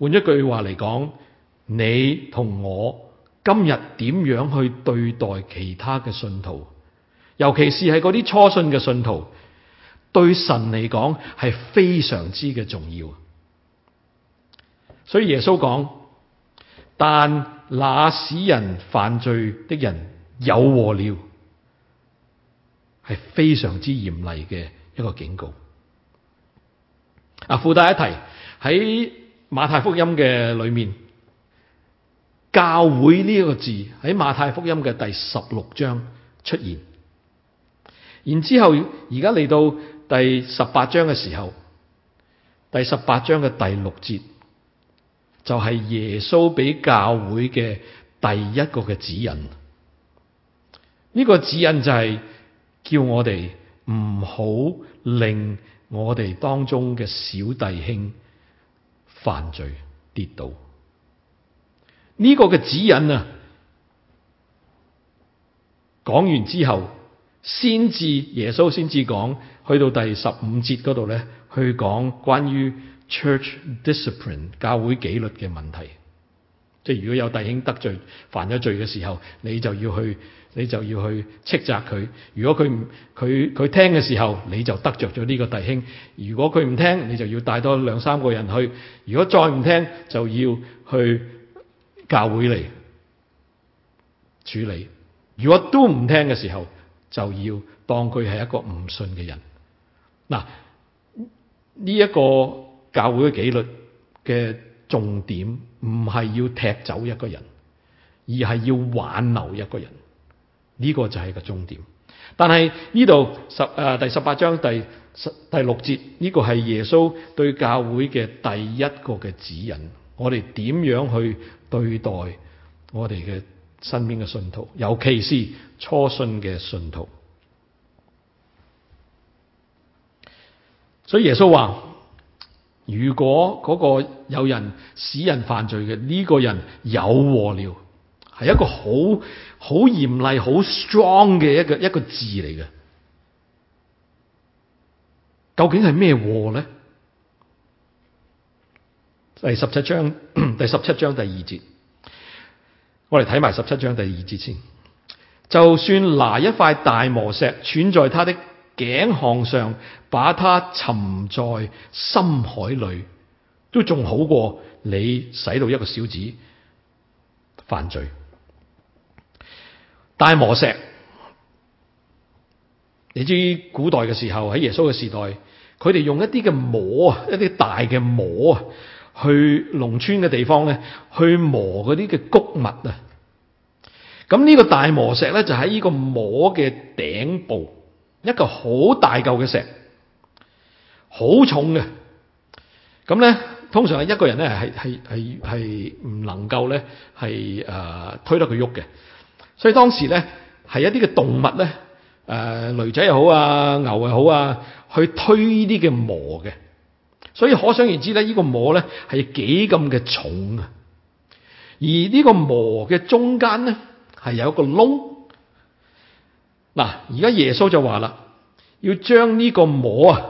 換一句話嚟講，你同我今日點樣去對待其他嘅信徒，尤其是係嗰啲初信嘅信徒，對神嚟講係非常之嘅重要。所以耶穌講，但那使人犯罪的人有禍了，係非常之嚴厲嘅一個警告。啊，附帶一提喺馬太福音嘅裏面，教會呢一個字喺馬太福音嘅第十六章出現，然之後而家嚟到第十八章嘅時候，第十八章嘅第六節。就係耶穌俾教會嘅第一個嘅指引，呢個指引就係叫我哋唔好令我哋當中嘅小弟兄犯罪跌倒。呢個嘅指引啊，講完之後，先至耶穌先至講，去到第十五節嗰度咧，去講關於。Church discipline 教會紀律嘅問題，即係如果有弟兄得罪犯咗罪嘅時候，你就要去，你就要去斥責佢。如果佢唔佢佢聽嘅時候，你就得着咗呢個弟兄；如果佢唔聽，你就要帶多兩三個人去。如果再唔聽，就要去教會嚟處理。如果都唔聽嘅時候，就要當佢係一個唔信嘅人。嗱，呢一個。教會嘅紀律嘅重點唔係要踢走一個人，而係要挽留一個人，呢、這個就係個重點。但係呢度十誒、呃、第十八章第十第六節呢、這個係耶穌對教會嘅第一個嘅指引，我哋點樣去對待我哋嘅身邊嘅信徒，尤其是初信嘅信徒。所以耶穌話。如果嗰個有人使人犯罪嘅呢、這個人有禍了，係一個好好嚴厲、好 strong 嘅一個一個字嚟嘅。究竟係咩禍咧？第十七章第十七章第二節，我哋睇埋十七章第二節先。就算拿一塊大磨石拴在他的頸項上，把它沉在深海裏，都仲好過你使到一個小子犯罪。大磨石，你知古代嘅時候喺耶穌嘅時代，佢哋用一啲嘅磨啊，一啲大嘅磨啊，去農村嘅地方咧，去磨嗰啲嘅谷物啊。咁呢個大磨石咧，就喺呢個磨嘅頂部。一個好大嚿嘅石，好重嘅，咁咧通常係一個人咧係係係係唔能夠咧係誒推得佢喐嘅，所以當時咧係一啲嘅動物咧誒驢仔又好啊，牛又好啊去推呢啲嘅磨嘅，所以可想而知，咧、這、呢個磨咧係幾咁嘅重啊，而呢個磨嘅中間咧係有一個窿。嗱，而家耶穌就話啦，要將呢個磨啊，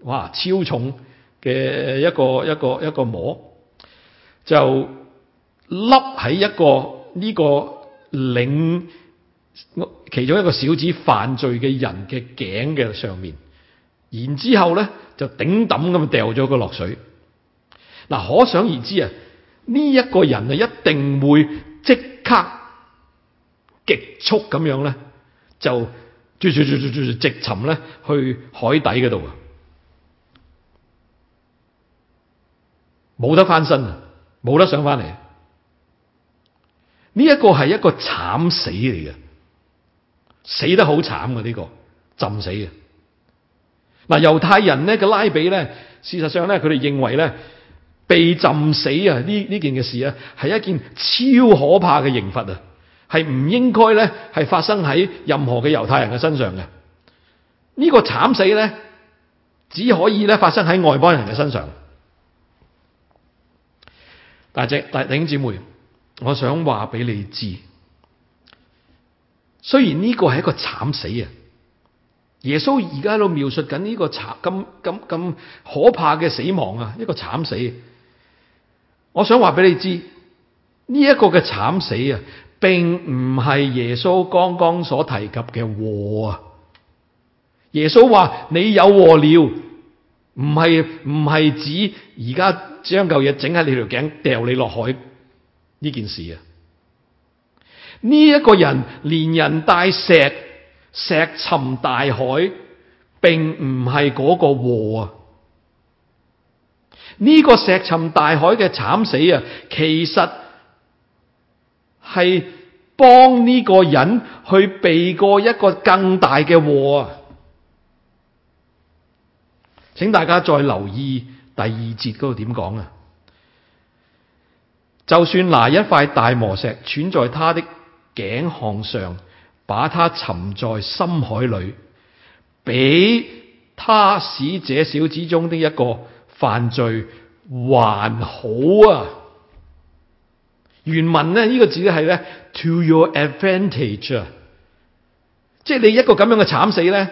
哇，超重嘅一個一個一個磨就笠喺一個呢個領，其中一個小子犯罪嘅人嘅頸嘅上面，然之後咧就頂抌咁掉咗個落水嗱。可想而知啊，呢一個人啊一定會即刻極速咁樣咧。就，直直直直直直沉咧去海底嗰度啊，冇得翻身啊，冇得上翻嚟。呢一個係一個慘死嚟嘅，死得好慘啊。呢個浸死啊，嗱，猶太人呢個拉比咧，事實上咧佢哋認為咧，被浸死啊呢呢件嘅事啊，係一件超可怕嘅刑罰啊！係唔應該咧，係發生喺任何嘅猶太人嘅身上嘅。呢個慘死咧，只可以咧發生喺外邦人嘅身上。大姐、大弟兄姊妹，我想話俾你知，雖然呢個係一個慘死啊，耶穌而家喺度描述緊呢個慘咁咁咁可怕嘅死亡啊，一個慘死。我想話俾你知呢一個嘅慘死啊。並唔係耶穌剛剛所提及嘅禍啊！耶穌話你有禍了，唔係唔係指而家將嚿嘢整喺你條頸，掉你落海呢件事啊！呢、這、一個人連人帶石石沉大海，並唔係嗰個禍啊！呢、這個石沉大海嘅慘死啊，其實。係幫呢個人去避過一個更大嘅禍啊！請大家再留意第二節嗰度點講啊！就算拿一塊大磨石拴在他的頸項上，把他沉在深海裏，比他使這小子中的一個犯罪還好啊！原文咧呢，呢個字係咧 to your advantage，啊，即係你一個咁樣嘅慘死咧，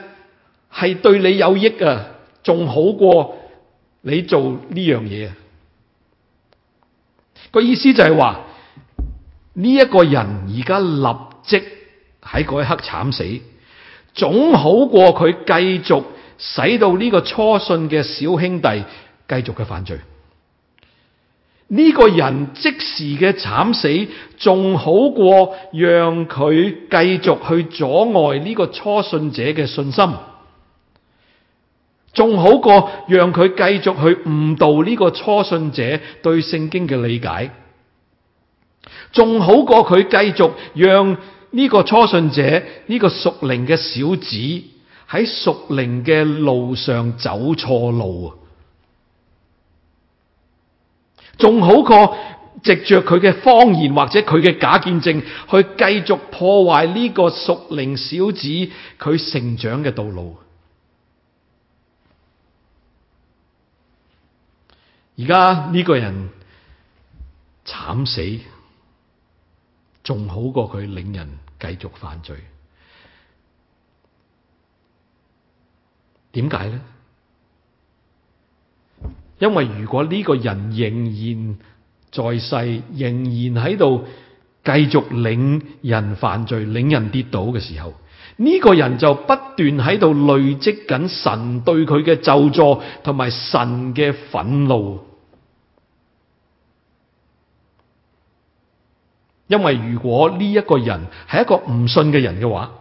係對你有益啊，仲好過你做呢樣嘢。啊。個意思就係話呢一個人而家立即喺嗰一刻慘死，總好過佢繼續使到呢個初信嘅小兄弟繼續嘅犯罪。呢個人即時嘅慘死，仲好過讓佢繼續去阻礙呢個初信者嘅信心，仲好過讓佢繼續去誤導呢個初信者對聖經嘅理解，仲好過佢繼續讓呢個初信者呢個屬靈嘅小子喺屬靈嘅路上走錯路啊！仲好過藉着佢嘅謊言或者佢嘅假見證去繼續破壞呢個屬靈小子佢成長嘅道路。而家呢個人慘死，仲好過佢令人繼續犯罪。點解呢？因為如果呢個人仍然在世，仍然喺度繼續領人犯罪、領人跌倒嘅時候，呢、這個人就不斷喺度累積緊神對佢嘅咒詛，同埋神嘅憤怒。因為如果呢一個的人係一個唔信嘅人嘅話，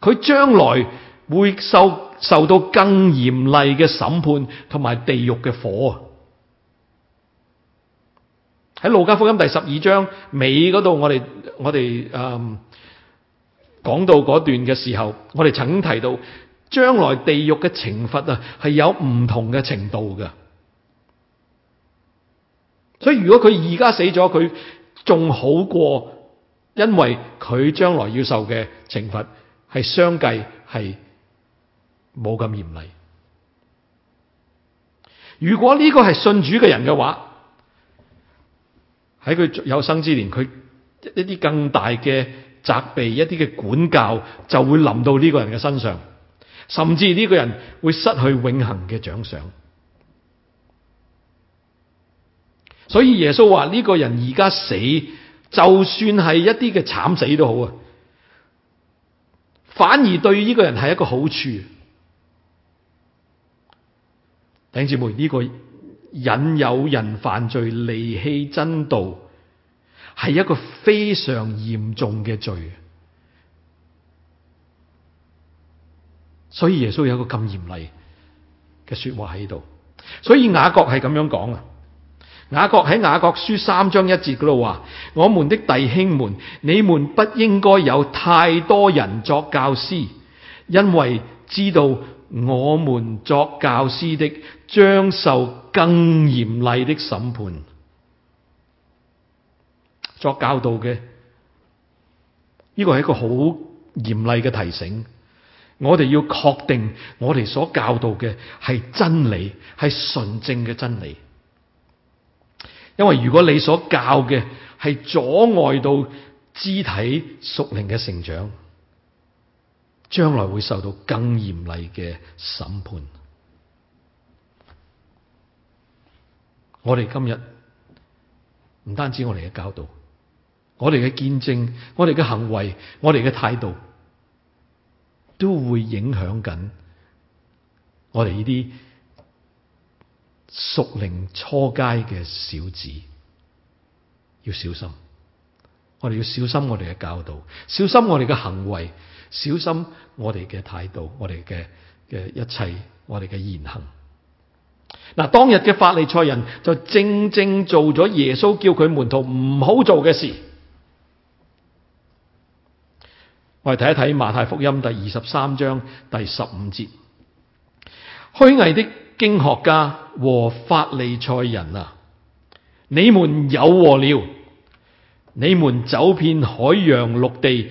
佢將來會受。受到更嚴厲嘅審判同埋地獄嘅火。喺路加福音第十二章尾嗰度，我哋我哋誒，講到嗰段嘅時候，我哋曾經提到將來地獄嘅懲罰啊，係有唔同嘅程度嘅。所以如果佢而家死咗，佢仲好過，因為佢將來要受嘅懲罰係相繼係。冇咁嚴厲。嚴厲，如果呢個係信主嘅人嘅話，喺佢有生之年，佢一啲更大嘅責備、一啲嘅管教，就會臨到呢個人嘅身上，甚至呢個人會失去永恆嘅獎賞。所以耶穌話：呢個人而家死，就算係一啲嘅慘死都好啊，反而對呢個人係一個好處。弟兄姊妹呢，呢個引誘人犯罪、離棄真道，係一個非常嚴重嘅罪。所以耶穌有一個咁嚴厲嘅說話喺度，所以雅各係咁樣講啊。雅各喺雅各書三章一節嗰度話：我們的弟兄們，你們不應該有太多人作教師，因為知道。我們作教師的將受更嚴厲的審判，作教導嘅呢、這個係一個好嚴厲嘅提醒。我哋要確定我哋所教導嘅係真理，係純正嘅真理。因為如果你所教嘅係阻礙到肢體屬靈嘅成長。將來會受到更嚴厲嘅審判。我哋今日唔單止我哋嘅教導，我哋嘅見證，我哋嘅行為，我哋嘅態度，都會影響緊我哋呢啲屬靈初階嘅小子。要小心，我哋要小心我哋嘅教導，小心我哋嘅行為。小心我哋嘅態度，我哋嘅嘅一切，我哋嘅言行。嗱，當日嘅法利賽人就正正做咗耶穌叫佢門徒唔好做嘅事。我哋睇一睇馬太福音第二十三章第十五節，虛偽的經學家和法利賽人啊，你們有禍了！你們走遍海洋陸地。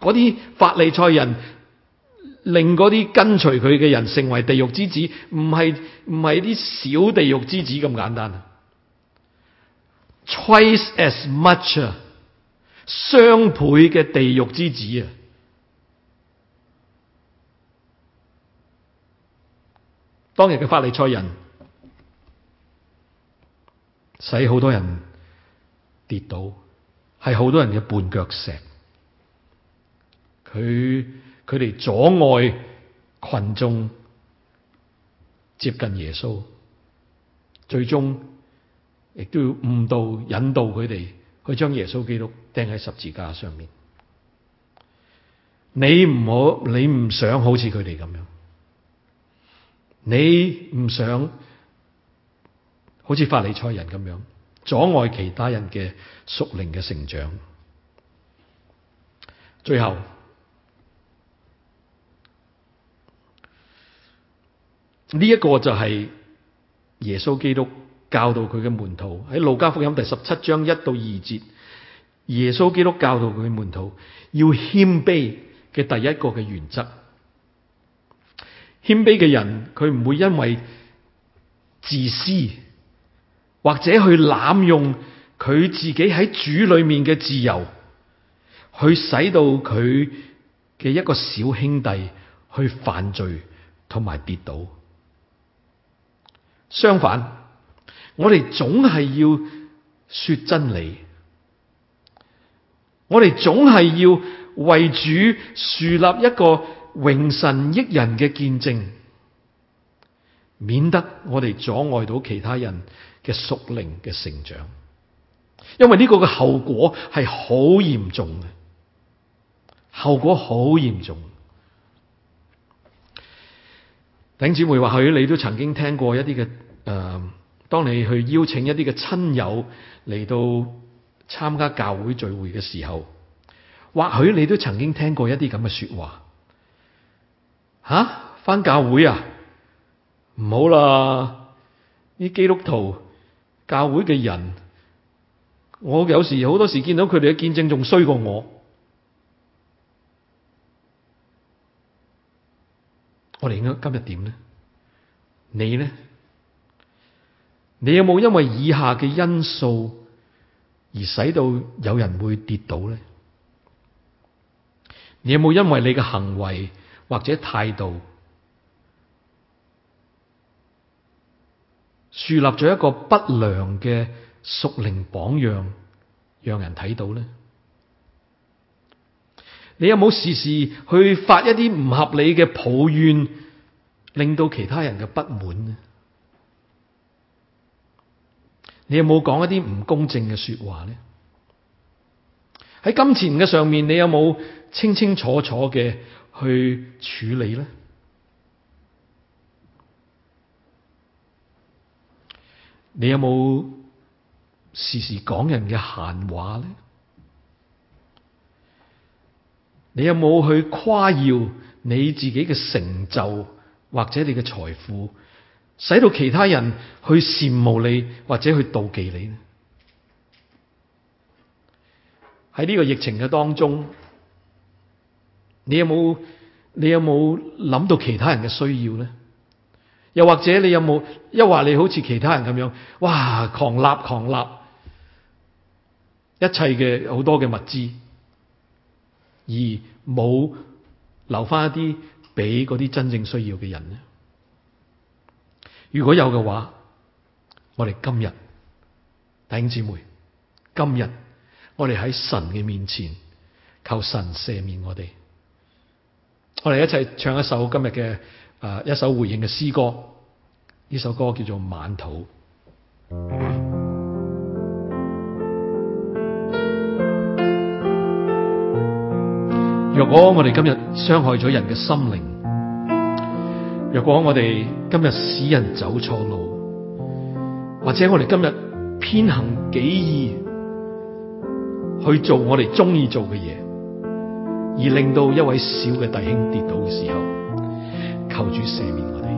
啲法利賽人令啲跟隨佢嘅人成為地獄之子，唔係唔係啲小地獄之子咁簡單啊！twice as much 啊，雙倍嘅地獄之子啊！當日嘅法利賽人使好多人跌倒，係好多人嘅絆腳石。佢佢哋阻礙群眾接近耶穌，最終亦都要誤導、引導佢哋去將耶穌基督釘喺十字架上面。你唔好，你唔想好似佢哋咁樣，你唔想好似法利賽人咁樣阻礙其他人嘅屬靈嘅成長，最後。呢一個就係耶穌基督教導佢嘅門徒喺路加福音第十七章一到二節，耶穌基督教導佢嘅門徒要謙卑嘅第一個嘅原則。謙卑嘅人佢唔會因為自私或者去濫用佢自己喺主裏面嘅自由，去使到佢嘅一個小兄弟去犯罪同埋跌倒。相反，我哋總係要說真理，我哋總係要為主樹立一個榮神益人嘅見證，免得我哋阻礙到其他人嘅屬靈嘅成長，因為呢個嘅後果係好嚴重嘅，後果好嚴重。頂姊妹，或許你都曾經聽過一啲嘅誒，當你去邀請一啲嘅親友嚟到參加教會聚會嘅時候，或許你都曾經聽過一啲咁嘅說話。吓、啊，翻教會啊，唔好啦，啲基督徒教會嘅人，我有時好多時見到佢哋嘅見證仲衰過我。我哋應該今日點呢？你呢？你有冇因為以下嘅因素而使到有人會跌倒呢？你有冇因為你嘅行為或者態度樹立咗一個不良嘅屬靈榜樣，讓人睇到呢？你有冇時時去發一啲唔合理嘅抱怨，令到其他人嘅不滿呢？你有冇講一啲唔公正嘅說話呢？喺金錢嘅上面，你有冇清清楚楚嘅去處理呢？你有冇時時講人嘅閒話呢？你有冇去誇耀你自己嘅成就，或者你嘅財富，使到其他人去羨慕你或者去妒忌你呢？喺呢個疫情嘅當中，你有冇你有冇諗到其他人嘅需要呢？又或者你有冇一話你好似其他人咁樣，哇，狂立狂立一切嘅好多嘅物資？而冇留返一啲俾嗰啲真正需要嘅人呢？如果有嘅話，我哋今日弟兄姊妹，今日我哋喺神嘅面前，求神赦免我哋。我哋一齊唱一首今日嘅啊一首回應嘅詩歌，呢首歌叫做《晚土》。若果我哋今日傷害咗人嘅心靈，若果我哋今日使人走錯路，或者我哋今日偏行己意去做我哋中意做嘅嘢，而令到一位小嘅弟兄跌倒嘅時候，求主赦免我哋。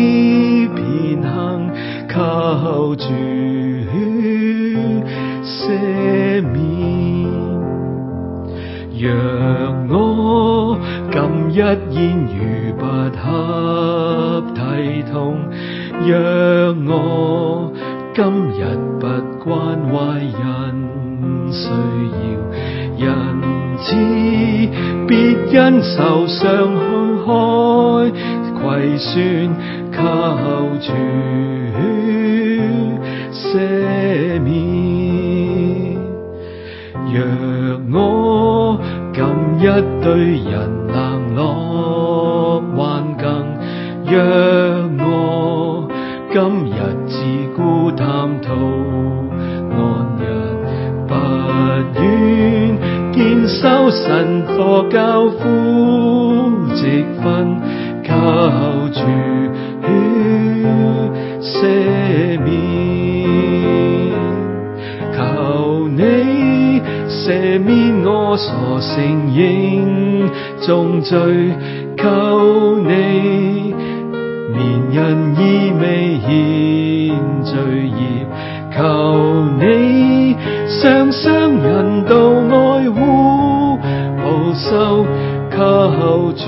主啊，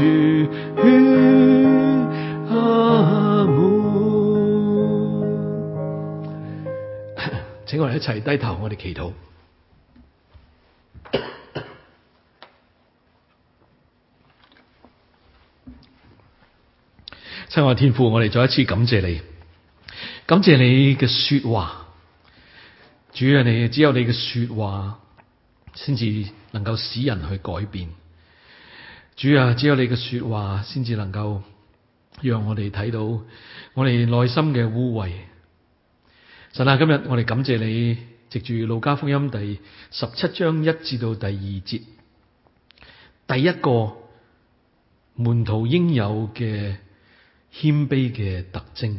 滿，請我哋一齊低頭，我哋祈禱。 親愛天父，我哋再一次感謝你，感謝你嘅說話。主啊，你只有你嘅說話，先至能夠使人去改變。主啊，只有你嘅說話先至能夠讓我哋睇到我哋內心嘅污穢。神啊，今日我哋感謝你。藉住《路加福音》第十七章一至到第二節，第一個門徒應有嘅謙卑嘅特徵，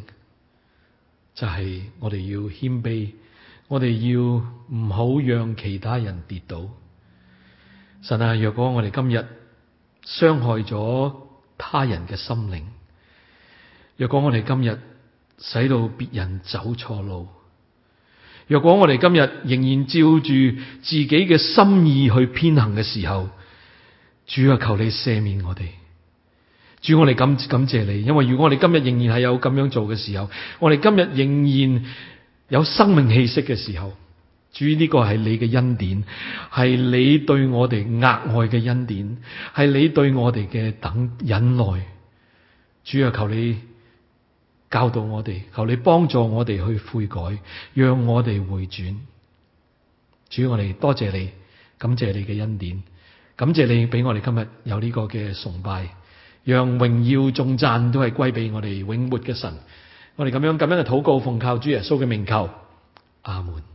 就係我哋要謙卑，我哋要唔好讓其他人跌倒。神啊，若果我哋今日，傷害咗他人嘅心靈。若果我哋今日使到別人走錯路，若果我哋今日仍然照住自己嘅心意去偏行嘅時候，主啊，求你赦免我哋。主，我哋感感謝你，因為如果我哋今日仍然係有咁樣做嘅時候，我哋今日仍然有生命氣息嘅時候。主呢、這個係你嘅恩典，係你對我哋額外嘅恩典，係你對我哋嘅等忍耐。主啊，求你教導我哋，求你幫助我哋去悔改，讓我哋回轉。主，我哋多謝你，感謝你嘅恩典，感謝你俾我哋今日有呢個嘅崇拜，讓榮耀眾讚都係歸俾我哋永活嘅神。我哋咁樣咁樣嘅禱告，奉靠主耶穌嘅名求，阿門。